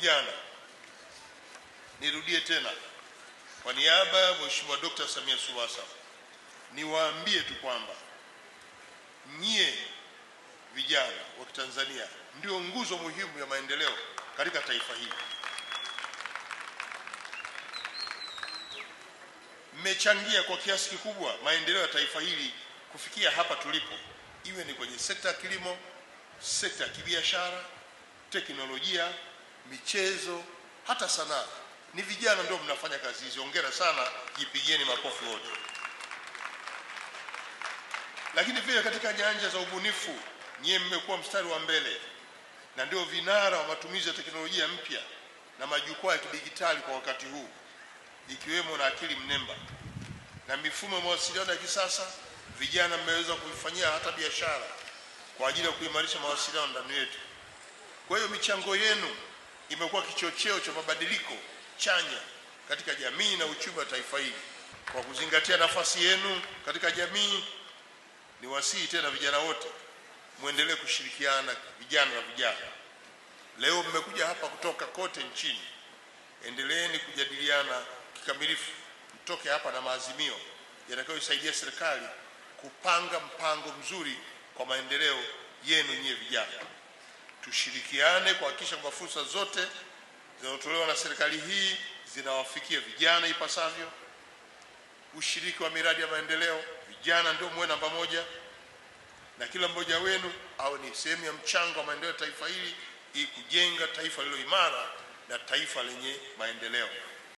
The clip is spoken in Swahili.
vijana, nirudie tena kwa niaba ya Mheshimiwa Dkt. Samia Suluhu Hassan niwaambie tu kwamba nyie vijana wa Kitanzania ndio nguzo muhimu ya maendeleo katika taifa hili. Mmechangia kwa kiasi kikubwa maendeleo ya taifa hili kufikia hapa tulipo, iwe ni kwenye sekta ya kilimo, sekta ya kibiashara, teknolojia michezo, hata sanaa. Ni vijana ndio mnafanya kazi hizi. ongera sana, jipigieni makofi wote. Lakini pia katika nyanja za ubunifu, nyie mmekuwa mstari wa mbele na ndio vinara wa matumizi ya teknolojia mpya na majukwaa ya kidijitali kwa wakati huu, ikiwemo na akili mnemba na mifumo ya mawasiliano ya kisasa. Vijana mmeweza kuifanyia hata biashara kwa ajili ya kuimarisha mawasiliano ndani yetu. Kwa hiyo michango yenu imekuwa kichocheo cha mabadiliko chanya katika jamii na uchumi wa taifa hili. Kwa kuzingatia nafasi yenu katika jamii, ni wasihi tena vijana wote mwendelee kushirikiana, vijana na vijana. Leo mmekuja hapa kutoka kote nchini, endeleeni kujadiliana kikamilifu, mtoke hapa na maazimio yatakayoisaidia serikali kupanga mpango mzuri kwa maendeleo yenu nyie vijana tushirikiane kuhakikisha kwamba fursa zote zinazotolewa na serikali hii zinawafikia vijana ipasavyo. Ushiriki wa miradi ya maendeleo, vijana ndio muwe namba moja, na kila mmoja wenu au ni sehemu ya mchango wa maendeleo ya taifa hili ili kujenga taifa lililo imara na taifa lenye maendeleo.